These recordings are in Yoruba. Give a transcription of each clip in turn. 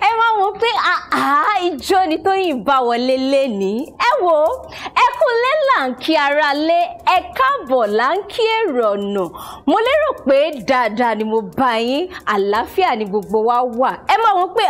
ẹ máa wò pé ìjọ ni Tóyìn bá wọlé lénìí ẹ wò ẹ kúnlé là ń kí ara lé ẹ káàbọ̀ là ń kí èrò ọ̀nà mo lérò pé dáadáa ni mo bá yín àlàáfíà ni gbogbo wa wà ẹ máa wò pé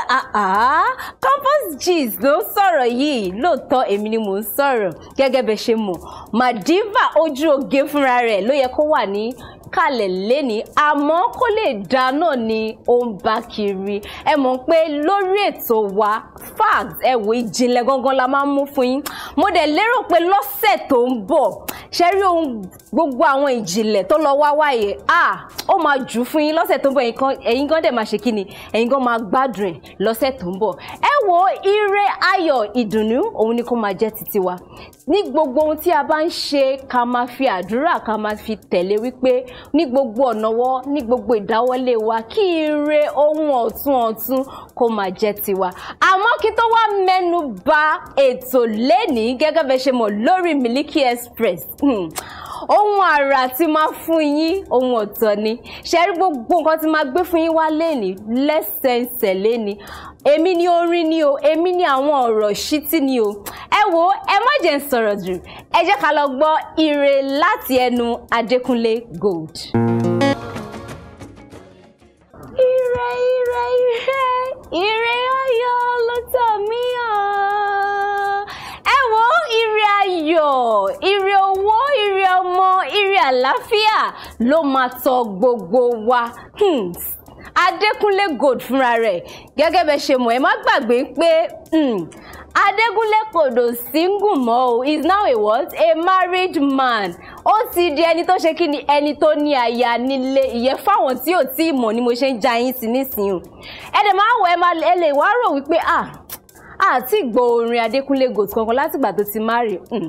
campus gist ló ń sọ̀rọ̀ yìí lóòótọ́ èmi ni mò ń sọ̀rọ̀ gẹ́gẹ́ bẹ́ẹ̀ ṣe mọ̀ madiva ojú oge fúnra rẹ̀ ló yẹ kó wà ní kalẹ̀ lẹ́ni àmọ́ kó lè dá náà ni ó ń bá kiri ẹ mọ̀ pé lórí ètò wa facts ẹ wò ìjìnlẹ̀ gangan la máa ń mú fún yín mo dẹ̀ lérò pé lọ́sẹ̀ tó ń bọ̀ ṣe rí ohun gbogbo àwọn ìjìnlẹ̀ tó lọ wá wáyé ah ó máa jù fún yín lọ́sẹ̀ tó ń bọ̀ ẹ̀yin gan dẹ̀ máa ṣe kí ni ẹ̀yin gan máa gbádùn ẹ̀ lọ́sẹ̀ tó ń bọ̀ ẹ wo ire ayọ̀ ìdùnnú òun ni kó máa jẹ́ títí wa ní gbogbo ohun tí a bá ń ṣe ká máa fi àdúrà ká máa fi tẹ̀lé wípé ní gbogbo ọ̀nàwọ́ ní gbogbo ìdáwọ́lé wa kí ire ohun ọ̀tun ọ̀tun kó máa jẹ́ tiwa àmọ́ kí tó wá mẹ́nu bà ètò lẹ́nìí gẹ́gẹ́ bẹ́ẹ̀ ṣe mọ̀ lórí Miliki Express. Hmm, ohun àrà tí máa fún yín ohun ọ̀tọ̀ ni ṣe rí gbogbo nǹkan tí máa gbé fún yín wá lẹ́ni lẹ́sẹ̀nsẹ̀ lẹ́ni èmi ni orin ni o èmi ni àwọn ọ̀rọ̀ ṣítí ni o ẹ wo ẹ má jẹ́ ń sọ̀rọ̀ jù ẹ jẹ́ ká lọ gbọ́ ire láti ẹnu Adékúnlé Gold. ire ire ire ire ọyọ ló tọ̀ mí hàn. àlàáfíà ló máa tọ gbogbo wa hmm. Adékúnlé Gold fúnra rẹ̀ gẹ́gẹ́ bẹ ṣe mọ̀ ẹ má gbàgbé pé hmm, Adékúnlé kòdò single mọ́ o is now a what a married man ó ti di ẹni tó ṣe kí ni ẹni tó ní aya nílé ìyẹn fáwọn tí ò tí ì mọ̀ ni mo ṣe ń ja yín sí nísìnyí o ẹ máa wọ ẹ lè wá rò wípé ah àti gbọ́ orin Adékúnlé Gold kankan látìgbà tó ti má rí hmm.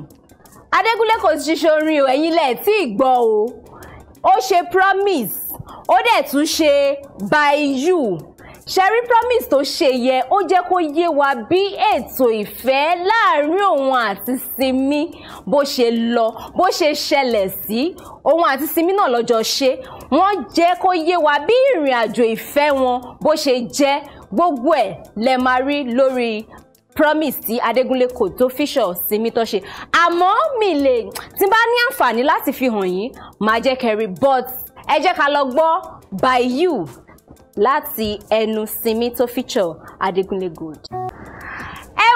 Adégúnlé kò ti ṣe orin o ẹ̀yin lẹ̀ tí ì gbọ́ o ó ṣe promise ó dẹ̀ tún ṣe by you ṣẹ́rí promise tó ṣe yẹ ó jẹ́ kó yé wa bí ètò ìfẹ́ láàrin òun àti Simi bó ṣe lọ bó ṣe ṣẹlẹ̀ sí òun àti Simi náà lọ́jọ́ ṣe wọ́n jẹ́ kó yé wa bí ìrìn àjò ìfẹ́ wọn bó ṣe jẹ́ gbogbo ẹ̀ lẹ máa rí lórí promise tí adégúnlé kò tó fíṣọ̀ sinmi tó ṣe àmọ́ mi le. tí bá ní àǹfààní láti fi hàn yín màá jẹ́ kẹrí but ẹ jẹ́ ká lọ gbọ́ by you láti enu sinmi tó fíṣọ̀ adégúnlé gold ẹ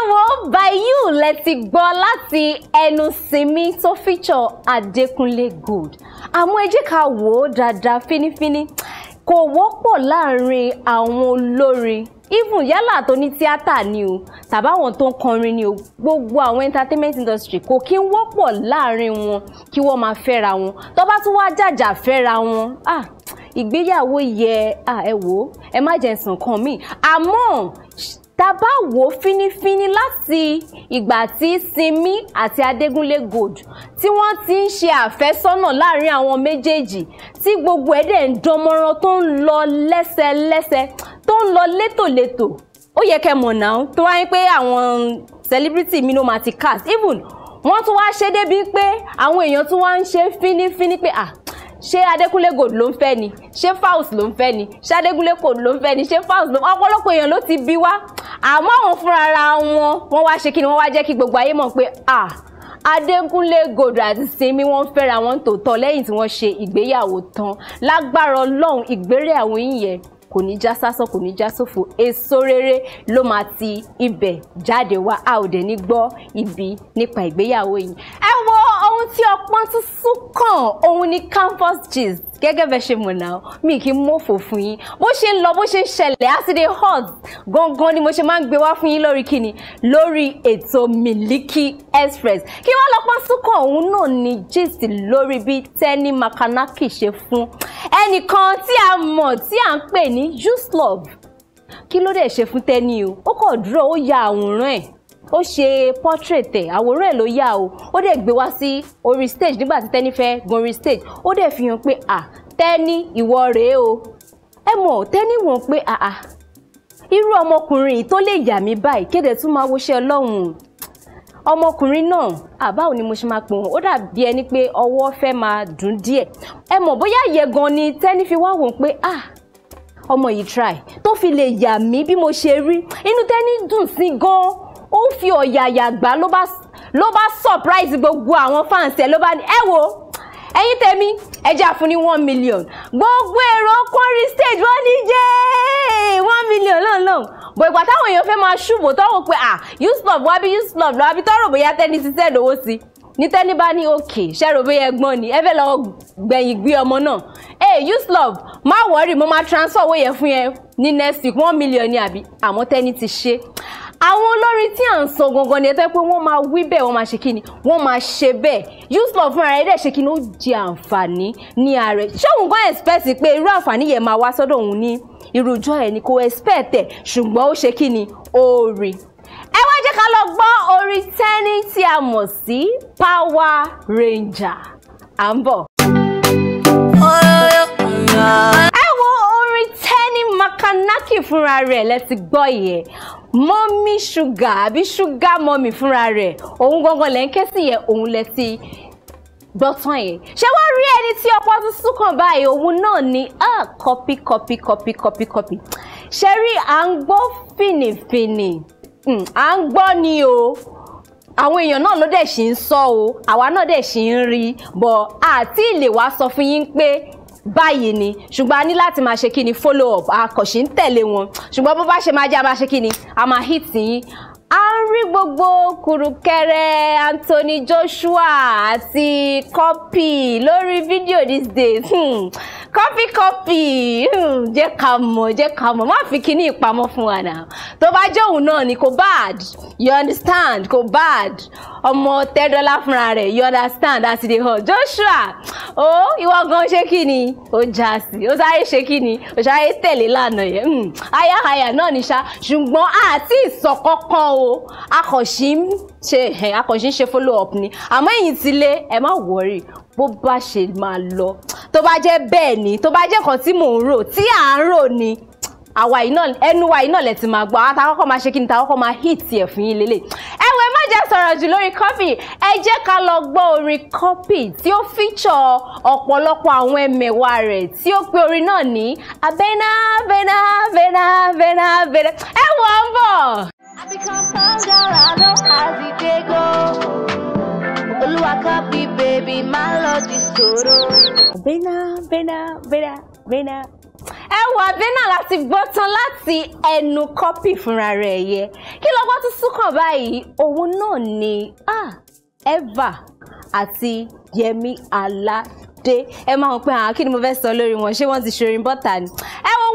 by you lẹ ti gbọ́ láti ẹnu sinmi tó fíṣọ̀ adékúnlé gold àmọ́ ẹ jẹ́ ká wò ó dáadáa fínífíní kò wọ́pọ̀ láàrin àwọn olórin even yálà tó ní tíátà ni o tàbáwọn tó ń kọrin ni o gbogbo àwọn entertainment industry kò kí ń wọ́pọ̀ láàrin wọn kí wọ́n máa fẹ́ra wọn tó bá tún wá jàjà fẹ́ra wọn ah ìgbéyàwó yẹ ah ẹ wò ó ẹ má jẹ ǹsàn kan míì àmọ́ tàbá wò fínífíní láti ìgbà tí Simi àti Adégúnlé Gold tí wọ́n ti ń ṣe àfẹ́sọ́nà láàrin àwọn méjèèjì tí gbogbo ẹ̀ dẹ̀ ń dánmọ́rán tó ń lọ lẹ́sẹlẹ́sẹ tó ń lọ létòlétò ó yẹ kẹ́ mọ̀ náà tó wáyé pé àwọn celebrity mi ló máa ti cast even wọ́n tún wá ṣe débi pé àwọn èèyàn tún wá ń ṣe fínífíní pé ah ṣé adékúnlé gold ló ń fẹ́ ni ṣé faust ló ń fẹ́ ni ṣé adékúnlé gold ló ń fẹ́ ni ṣé faust ló ń ọ̀pọ̀lọpọ̀ èèyàn ló ti bí wá àmọ́ àwọn fúnra wọn wọ́n wá ṣe kí ni wọ́n wá jẹ́ kí gbogbo ayé mọ̀ pé ah adékúnlé gold àti sinmi wọ́n fẹ́ra wọn tòótọ́ lẹ́yìn tí wọ́n ṣe ìgbéyàwó tán lágbára ọlọ́run ìgbéyàwó yìí yẹn kò ní já sásán kò ní já sófo èso rere ló máa ti ibẹ̀ jáde wá a ò dẹ̀ ní gbọ́ ibi nípa ìgbéyàwó yìí ẹ wo ohun tí ọpọ́n tún sún kàn òun ni campus gist gẹ́gẹ́ bẹ́ẹ̀ ṣe mọ̀ náà mi kì í mọ̀fò fún yín bó ṣe ń lọ bó ṣe ń ṣẹlẹ̀ àtidé hot gangan ni mo ṣe máa ń gbé wá fún yín lórí kíni lórí ètò Miliki Express kí wọ́n lọ́pọ̀ súnkàn òun náà ní gist lórí bí Tẹ́ni Makanaki ṣe fún ẹnìkan tí a mọ̀ tí à ń pè ní Juice Love kí ló dẹ̀ ṣe fún Tẹ́ni o ó kọ̀ dúró ó ya àwòrán ẹ̀ ó ṣe portrait ẹ̀ àwòrán ẹ̀ ló yà o ó dẹ̀ gbé wá sí orí stage nígbà tí tẹ́ni fẹ́ gun orí stage ó dẹ̀ fi hàn pé à tẹ́ni ìwọ rèé o ẹ mọ̀ tẹ́ni wọ̀n pé àà irú ọmọkùnrin yìí tó lè yà mí báyìí kéde tún máa wọṣẹ́ ọlọ́run ọmọkùnrin náà àbáwo ni mo ṣe máa pè wọn ó dàbí ẹni pé ọwọ́ fẹ́ máa dùn díẹ̀ ẹ mọ̀ bóyá ìyẹn gan ni tẹ́ni fi wá wò pé ah ọmọ yìí try tó fi lè yà mí bí mo ṣe rí inú tẹ́ni dùn sí gan ń fi ọ̀yàyà gbà ló bá surprise gbogbo àwọn fans ẹ̀ ló bá ní ẹ wo ẹ̀yin tèmi ẹ jẹ́ àfún ní one million gbogbo èrò kọrin stage wọ́n ní jẹ́ one million lọ́nlọ́n bọ̀ ìgbà táwọn èèyàn fẹ́ máa ṣubò tọ́wọ́ pé à uselove wábí uselove lọ́wọ́ bí tọ́rọ̀ bóyá tẹ́ni ti sẹ́ẹ̀ lówó sí ní tẹ́ni bá ní òkè ṣẹ́rò bóyá ẹgbọ́n ni ẹ fẹ́ lọ gbẹ̀yìn gbé ọmọ náà ẹ uselove má wọ́ọ̀rì mo máa transfer owó yẹn fún yẹn ní next week one million ni àbí àmọ́ tẹ́ni ti ṣe àwọn olórin tí à ń sọ gangan ni ẹ fẹ́ pé wọ́n máa wí bẹ́ẹ̀ wọ́n máa ṣe kíni wọ́n máa ṣe bẹ́ẹ̀ useless fúnra ẹ̀ dẹ̀ ṣe kíni ó jẹ àǹfààní ní ààrẹ ṣé òun gan expect pé irú àǹfààní yẹn máa wá sọ́dọ̀ òun ní irújọ́ ẹ̀ ni kò expect ẹ̀ ṣùgbọ́n ó ṣe kíni ó rí ẹ wá jẹ́ ká lọ gbọ́ orin tẹ́ni tí a mọ̀ sí Power Ranger à ń bọ̀. Bọ́nákì fúnra rẹ̀ lẹ ti gbọ́ yẹn mọ́mí ṣúgà àbí ṣúgà mọ́mí fúnra rẹ̀ òun gangan lẹ́ ń ké sí yẹn òun lẹ ti gbọ́tàn yẹn ṣé wọ́n rí ẹni tí ọ̀pọ̀ tún súnkàn báyìí òun náà ni kọ́pì kọ́pì kọ́pì kọ́pì kọ́pì ṣe rí à ń gbọ́ fìnnìfìnnì hmm, à ń gbọ́ ni o àwọn èèyàn náà ló dẹ̀ ṣì ń sọ o àwa náà dẹ̀ ṣì ń rí bọ̀ àti ìlè wa sọ fún yín pé báyìí ni ṣùgbọ́n a ní láti máa ṣe kí ni follow up àkànṣe ń tẹ̀lé wọn ṣùgbọ́n bó bá ṣe máa jẹ́ a máa ṣe kí ni a máa hit yín a ń rí gbogbo kùrùkẹrẹ Anthony Joshua àti Copy. lórí fídíò these days. Hmm kọ́pì kọ́pì hmm, jẹ́ ká mọ̀ jẹ́ ká mọ̀ má fi kíní ìpamọ́ fún wa náà tó bá jẹ́ òun náà ni kò bad you understand kò bad ọmọ tẹ́ fúnra rẹ̀ you understand as e dey hot Joshua ó oh, ìwọ gan ṣé kí ni ó já sí ó sáré ṣe kí ni ó sáré tẹ̀lé lánàá yẹn hmm, ayáhayà náà ní sá ṣùgbọ́n àti ìsọ̀kọ́kọ́ o akọ̀ṣí ń ṣe akọ̀ṣí ń ṣe follow up ni àmọ́ ẹ̀yìn ti lé ẹ má wọrí bó bá ṣe máa lọ tó bá jẹ́ bẹ́ẹ̀ ni tó bá jẹ́ kan tí mò ń rò tí à ń rò ni àwa yìí náà ẹnu wa yìí náà lẹ ti máa gbọ́ àwọn àtàkọ́kọ́ máa ṣe kí ni tàkọ́kọ́ máa hit tiẹ̀ fún yín lélẹ̀ ẹ wẹ má jẹ́ sọ̀rọ̀ jù lórí kọ́fì ẹ jẹ́ ká lọ gbọ́ orin kọ́fì tí ó fíjọ ọ̀pọ̀lọpọ̀ àwọn ẹ̀mẹ̀wà rẹ̀ tí ó pe orin náà ní abẹ́nà abẹ́nà abẹ́nà abẹ́nà abẹ́nà ẹ wọ́n ń bọ̀. I become stronger, I know as it Olúwa copy baby my love is toro. Bena Bena Bena Bena. Ẹ wà Bena láti gbọ́ tán láti ẹnu kọ́pì fúnra rẹ̀ yẹ. Kí lọ́gbọ́n tún súnkàn báyìí? Òun náà ni ah, Eva àti Yemi Alade. Ẹ máa ń pẹ́ àwọn kí ni mo fẹ́ sọ lórí wọn ṣé wọ́n ti ṣorin bọ́tà ni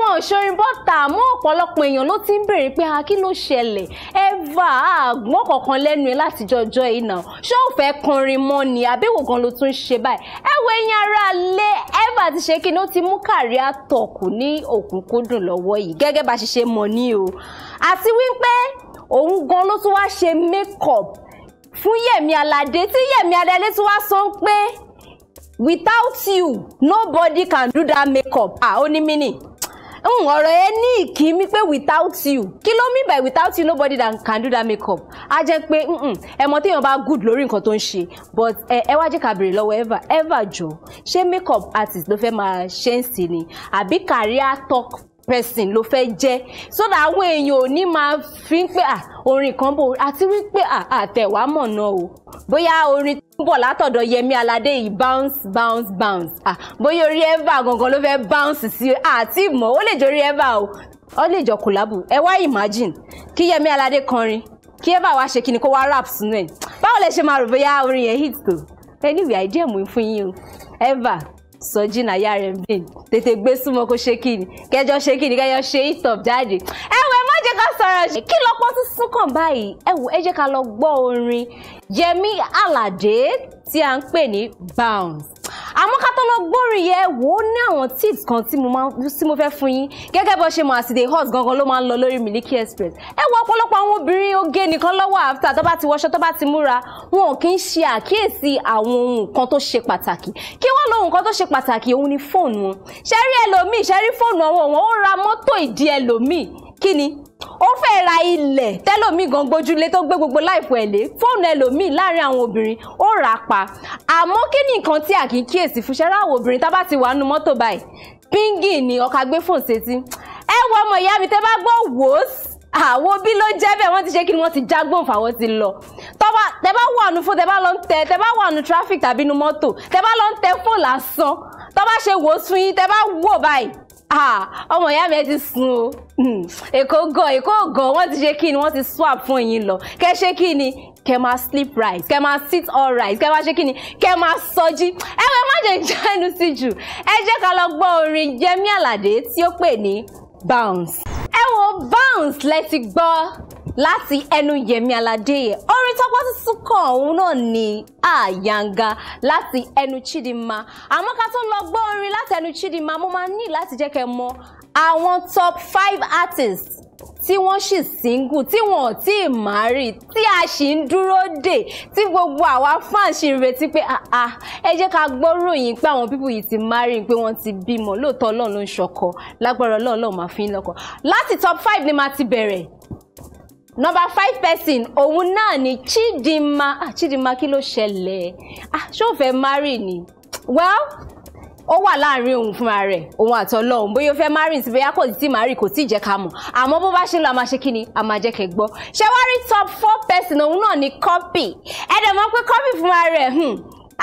àwọn òṣèré bọ́tà mú ọ̀pọ̀lọpọ̀ èèyàn ló ti ń béèrè pé ah, kí ló ṣẹlẹ̀ Eva àgbọ̀n kọ̀ọ̀kan lẹ́nu ẹ̀ láti jọjọ́ yìí náà ṣé ò fẹ́ kọrin mọ́ ni àbẹ̀wò gan ló tún ṣe báyìí ẹ wo eyín ara lé Eva ti ṣe kí ni ó ti mú kàrí àtọ̀kù ní òkúnkúndùn lọ́wọ́ yìí gẹ́gẹ́ bá ṣe ṣe mọ̀ ní o àti wípé òun gan ló tún wá ṣe makeup fún Yẹmi Aládé tí Yẹmi Aládé tún wá sọ pé without you nobody can do that makeup ah ó ní mí nì ọ̀rọ̀ ẹ ní ìkíní pé without you kí ló mean by without you nobody that can do that makeup á jẹ́ pé ẹ mọ̀ téèyàn bá good lórí nǹkan tó ń ṣe but ẹ wá jẹ́ ká béèrè lọ́wọ́ Eva Eva jọ ṣé makeup artist ló fẹ́ máa ṣe ń sìn ni àbí career talk person ló fẹ́ jẹ́ so that àwọn èèyàn ò ní máa fi ń pé à orin kan bò àti wípé à àtẹ̀wá mọ̀ náà o bóyá orin tó ń bọ̀ látọ̀dọ̀ Yẹmí Aládé yìí bounce bounce bounce à bóyá orí Eva gangan ló fẹ́ bounce sí àti ìmọ̀ ó lè jọ orí Eva o ó lè jọ kòlábù ẹ wá imagine kí Yẹmí Aládé kọrin kí Eva wá ṣe kíni kó wá rap sínú ẹ báwo lẹ ṣe máa rò bóyá orin yẹn hit tó anyway idea mú fún yín o Eva. Sọjí Nàyà rẹ̀ ń bìn tètè gbé súnmọ́ kó ṣe kí ni kẹjọ ṣe kí kẹjọ ṣe ìtọ̀ jáde ẹ wẹ́n jẹ́ ká sọ̀rọ̀ ṣe kí lọ́pọ̀ tún súnkàn báyìí ẹ wò ẹ jẹ́ ká lọ gbọ́ orin Yẹmí Aládé tí a ń pè ní bounce àmọ́ ká tó lọ gbórin yẹn wò ó ní àwọn tips kan tí mo máa tí mo fẹ́ fún yín gẹ́gẹ́ bó ṣe mọ̀ àsìdè hot gangan ló máa ń lọ lórí Miliki Express ẹ wo ọ̀pọ̀lọpọ̀ àwọn obìnrin oge nìkan lọ́wọ́ after tó bá ti wọṣọ tó bá ti múra wọn ò kí ń ṣe àkíyèsí àwọn ohun kan tó ṣe pàtàkì kí wọ́n lo ohun kan tó ṣe pàtàkì òun ni fóònù wọn ṣẹ́rí ẹlòmíì ṣẹ́rí fóònù ọwọ́ wọn ó ra mọ́tò ìdí ẹlòmíì kí ni ó fẹ́ ra ilẹ̀ tẹ́lòmíì gan gbójúlé tó gbé gbogbo láìpọ̀ ẹ̀lé fóònù ẹlòmíì láàrin àwọn obìnrin ó rà á pa àmọ́ kí ni nǹkan tí a kì í kíyèsí fún ṣẹ́rá àwọn obìnrin tá bá ti wà nínú mọ́tò báyìí píngì ni ọkà gbé fóònù sétí ẹ wo ọmọ ìyá mi tẹ́ bá gbọ́ wòós àwọn bí ló jẹ́ bẹ́ẹ̀ wọ́n ti ṣe kí ni wọ́n ti jágbóhùn fáwọn ti lọ tọ́ba tẹ́ bá wà nù fóònù tẹ́ bá lọ ń tẹ tẹ́ bá wà nù tráfík tàbí nù mọ́tò tẹ́ bá lọ ń tẹ fóònù lásán tọ́ba ṣe wòós fún yín tẹ́ bá wò báyìí Ah, ọmọ ìyá mi ẹ ti sun o hmm. èkó gan èkó gan wọ́n ti ṣe kí ni wọ́n ti swap fún yín lọ kẹ́ ṣe kí ni kẹ́ máa sleep right kẹ́ máa sit all right kẹ́ máa ṣe kí ni kẹ́ máa sọjí ẹ wẹ má jẹ ìjánu sí jù ẹ jẹ́ ká lọ gbọ́ orin Yẹmí Àlàdé tí ó pè ní bounce ẹ wo bounce lẹ ti gbọ́ láti ẹnu Yẹmí Àlàdé yẹn orin tọ́pọ́ tuntun kan òun náà ni àyànga láti ẹnu Chidinma àmọ́ ká tó lọ gbọ́ orin láti ẹnu Chidinma mo máa ní láti jẹ́ kẹ́ mọ̀ àwọn top five artists tí wọ́n sì single tí wọn ò tí ì marry tí a sì ń dúró dè tí gbogbo àwa fans sì ń retí pé àà ah, ah, ẹ jẹ́ ká gbọ́ròyìn pé àwọn pípù yìí ti marry pé wọ́n ti bímọ lóòótọ́ ọlọ́run ló ń ṣọkọ lágbára ọlọ́run lọ́ọ̀ máa fi ń lọ́kọ láti top five ni màá ti bẹ̀rẹ̀ number five person òun náà ni Chidinma ah Chidinma kí ló ṣẹlẹ̀ ah ṣé o fẹ́ marry ni well ó wà láàrin òun fúnra rẹ̀ òun àtọlọ́hun bóyá ó fẹ́ marry sí bóyá kò sì tí marry kò tí ì jẹ́ ká mọ̀ àmọ́ bó bá ṣe lọ a ṣe kí ni a máa jẹ́ kẹ́ gbọ́ top four person òun náà ni copy ẹ̀dẹ̀ mọ̀ pé copy fúnra rẹ̀ hmm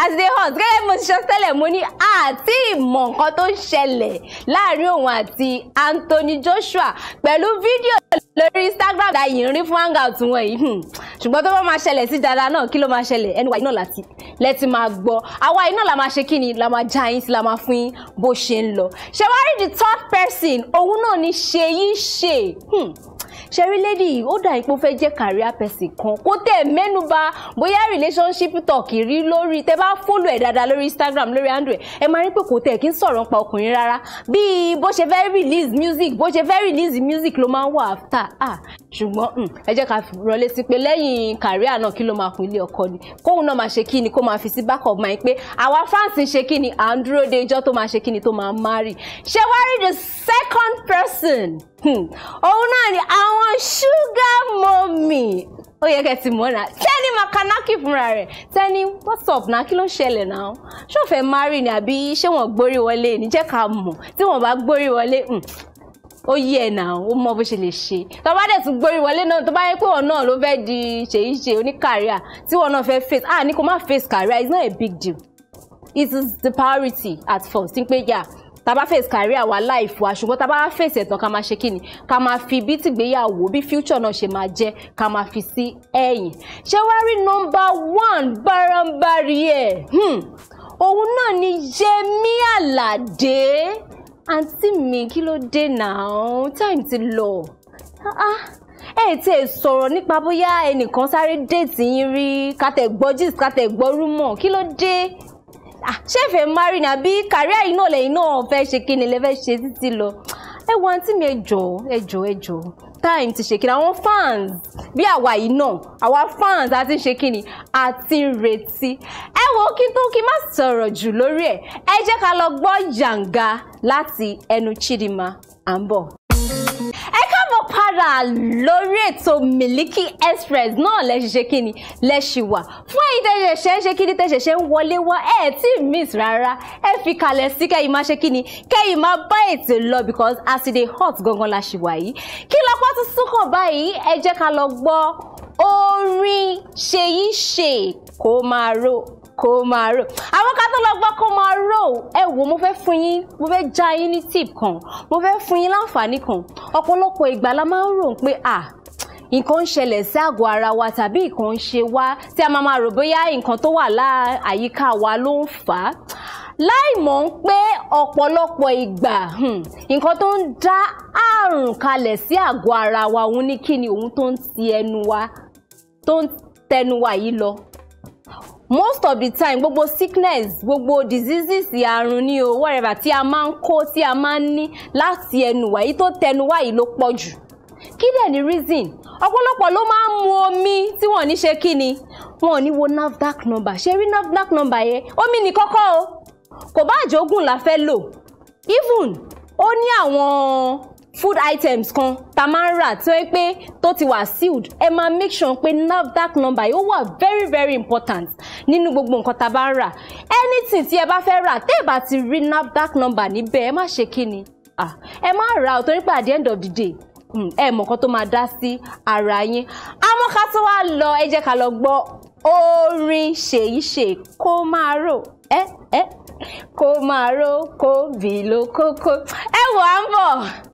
àti hot gẹ́gẹ́ bí mo ti sọ tẹ́lẹ̀ mo ní àti ìmọ̀ nǹkan tó ń ṣẹlẹ̀ láàrin òun àti Anthony Joshua pẹ̀lú fídíò lórí Instagram dá yìí ń rí fún hangout wọn yìí hmm. ṣùgbọ́n tó bá máa ṣẹlẹ̀ sí dáadáa náà kí ló máa ṣẹlẹ̀ ẹnu wa iná láti lẹ́tí máa gbọ́ àwa iná la máa ṣe kí ni la máa já yín sí la máa fún yín bó ṣe ń lọ ṣe wá rí the third person òun náà ni ṣe yí ṣe. Hmm ṣẹ́rí lady yìí ó dà yìí pé ó fẹ́ jẹ́ career person kan kó tẹ̀ mẹ́nuba bóyá relationship talk rí lórí tẹ́ bá fólò ẹ̀ dáadáa lórí Instagram lórí android ẹ máa rí pé kò tẹ̀ kí ń sọ̀rọ̀ nípa ọkùnrin rárá bíi bó ṣe fẹ́ release music bó ṣe fẹ́ release music ló máa ń wà after ah ṣùgbọ́n hm, ẹ jẹ́ ká rọlé sí pé lẹ́yìn career náà kí ló máa kún ilé ọkọ ni kóun náà máa ṣe kí ni kó máa fi sí back of mind pé àwa fans ṣe kí ni à ń de ijọ́ tó máa ṣe kí ni tó máa marry ṣé wá rí the second person hm, òun náà ni àwọn àwọn sugar mommy ó yẹ kẹ́ ti mọ̀ náà Tenny Makanaki fúnra rẹ̀ Tenny what's up náà kí ló ń ṣẹlẹ̀ náà ṣọ́ọ̀fẹ́ mari ni àbí ṣé wọ́n gbórí wọlé ní jẹ́ ká mọ̀ tí wọ́n bá gbórí wọlé hmm, ó yí ẹ̀ náà ó mọ bó ṣe lè ṣe tó bá dẹ̀ tún gbórí wọlé náà tó bá yẹ pé wọn náà ló fẹ́ẹ́ di ṣèyíṣe oníkàríà tí wọn náà fẹ́ face ah ní kó má face kàríà it's not a big deal it is the priority at first ní pé yà yeah tá bá face career wa life wa ṣùgbọ́n face ẹ̀tàn ká máa ṣe kí ni ká máa fi bí tìgbéyàwó bí future náà ṣe máa jẹ́ ká máa fi sí ẹ̀yìn ṣé wá rí number one bárànbarì ẹ̀ hmm. òun náà ni Yẹmí Àlàdé àǹtí mi kí ló dé náà time ti lọ ẹ ti ẹ sọ̀rọ̀ nípa bóyá ẹnìkan sáré déètì yín rí kátẹ̀gbọ́ gist kátẹ̀gbọ́ rúmọ̀ kí ló dé Ah, ṣé ẹ fẹ́ marry ni àbí kàríà yìí náà lẹ́yìn náà fẹ́ ṣe kí ni lè fẹ́ ṣe títí lọ ẹ wo àǹtí mi ẹ jọ̀ọ́ ẹ time ti ṣe kí ni àwọn fans bí àwa yìí náà àwa fans a ti ń ṣe kí ni a ti ń retí ẹ wo kí tó kí má sọ̀rọ̀ jù lórí ẹ̀ ẹ jẹ́ ká lọ gbọ́ yàǹgà láti ẹnu Chidinma à ń bọ̀. Para lórí ètò Miliki Express náà lẹ ṣe ṣe kí ni lẹ ṣì wà fún ẹ̀yin tẹṣẹṣẹ ṣe kí ni tẹṣẹṣẹ ń wọlé wá ẹ tí miss rárá ẹ fi kalẹ̀ sí kẹ́yìn máa ṣe kí ni kẹ́yìn máa bá ètò lọ because as e dey hot gangan la ṣì wà yìí kí lọ́pọ̀ tún súnkàn báyìí ẹ jẹ́ ká lọ gbọ́ orin ṣèyí ṣe kó máa ro kó máa rò àwọn ká tó lọ gbọ́ kó máa rò ẹ wò mo fẹ́ fún yín mo fẹ́ já yín ní tip kan mo fẹ́ fún yín láǹfààní kan ọ̀pọ̀lọpọ̀ ìgbà la máa ń rò pé à nǹkan ń ṣẹlẹ̀ sí àgọ́ ara wa tàbí nǹkan ń ṣe wá tí a máa máa rò bóyá nǹkan tó wà láà àyíká wa ló ń fà á láì mọ̀ ń pé ọ̀pọ̀lọpọ̀ ìgbà hmm, nǹkan tó ń dá àrùn kalẹ̀ sí àgọ́ ara wa òun ní kí ni òun tó ń tẹnu wa yìí lọ most of the time gbogbo sickness gbogbo diseases àrùn ni o whatever tí a máa ń kó tí a máa ń ní láti ẹnu wa yìí tó tẹnu wa ló pọ̀ jù kí dẹ̀ ni reason ọ̀pọ̀lọpọ̀ ló máa ń mu omi tí wọ́n ní ṣe kí ni wọ́n ní wo NAFDAC number ṣe rí NAFDAC number yẹn omi ní kọ́kọ́ o kò bá àjogún la fẹ́ lò even ó ní àwọn food items kan tá máa ń rà tó yẹ pé tó ti wà sealed ẹ máa make sure pé NAFDAC number yóò wà very very important nínú gbogbo nǹkan tá bá ń rà anything tí ẹ bá fẹ́ rà tẹ́ ẹ bá ti rí NAFDAC number níbẹ̀ ẹ má ṣe kí ni ẹ má rà ó torí pé at the end of the day hmm, ẹ mọ̀ kan tó máa dá sí ara yín àmọ́ ká tó wá lọ ẹ jẹ́ ká lọ gbọ́ orin ṣèyí ṣe kó máa rò ẹ ẹ kó máa rò kó bì ló kókó ẹ wò ń bọ̀.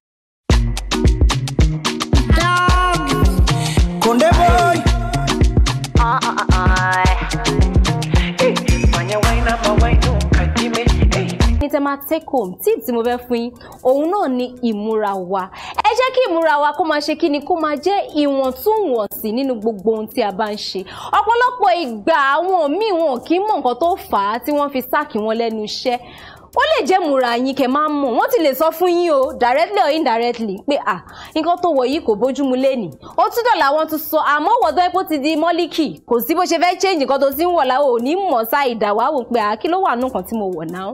fẹ́ máa take home tip tí mo fẹ́ fún yín òun náà ni ìmúra wa ẹ jẹ́ kí ìmúra wa kó máa ṣe kí ni kó máa jẹ́ ìwọ̀ntúnwọ̀nsì nínú gbogbo ohun tí a bá ń ṣe ọ̀pọ̀lọpọ̀ ìgbà àwọn míì wọn kì í mọ nǹkan tó fà á tí wọ́n fi sáàkì wọn lẹ́nu iṣẹ́ ó lè jẹ́ múra yín kẹ́ máa ń mọ̀ wọ́n ti lè sọ fún yín o directly or indirectly pé à nǹkan tó wọ̀ yìí kò bójúmu lénìí ó tún dọ̀là wọn tún sọ àmọ́ wọ̀ epo ti di mọ́líkì kò sí bó ṣe fẹ́ change nǹkan tó ti ń wọ̀ láwọ̀ ò ní mọ̀ sá ìdàwọ̀ àwò pé à kí ló wà nǹkan tí mo wọ̀ náà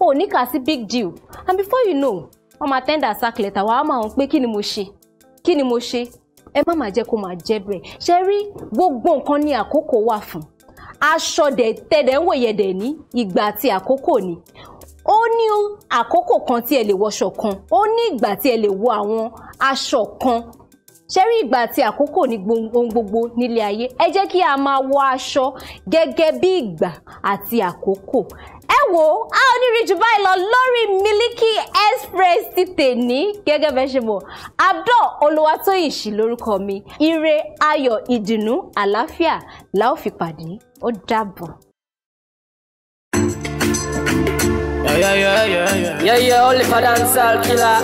ò ní kà sí big deal and before you know wọ́n máa tẹ́ndà sack letter wàá máa hàn pé kí ni mo ṣe kí ni mo ṣe ẹ má máa jẹ́ kó máa jẹ́ bẹ́ẹ̀ ṣe rí gbogbo nǹkan ní àkókò wà fún aṣọ tẹ̀dẹ̀ ń wòye dẹ̀ ní ìgbà àti àkókò ni ó ní àkókò kan tí ẹ lè wọṣọ kan ó ní ìgbà tí ẹ lè wọ àwọn aṣọ kan ṣẹ́rí ìgbà àti àkókò ní ohun gbogbo nílé ayé ẹ jẹ́ kí a máa wọ aṣọ gẹ́gẹ́ bí ìgbà àti àkókò ẹ wo a ò ní rí jù báyìí lọ lórí Miliki Express ti tèní gẹ́gẹ́ bẹ́ẹ̀ ṣe mọ̀ Abdul Olúwatóyìn sí lórúkọ mi ire ayọ̀ ìdùnnú àlàáfíà la ó fi pàdé ó dàbọ̀. Yeah, yeah, yeah, yeah, yeah. Yeah, only for dancehall killer.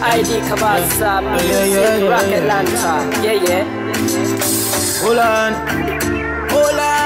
ID Kabasa, yeah, yeah, yeah, yeah, Rocket Lanta. Yeah, yeah. Hold on. Hold on.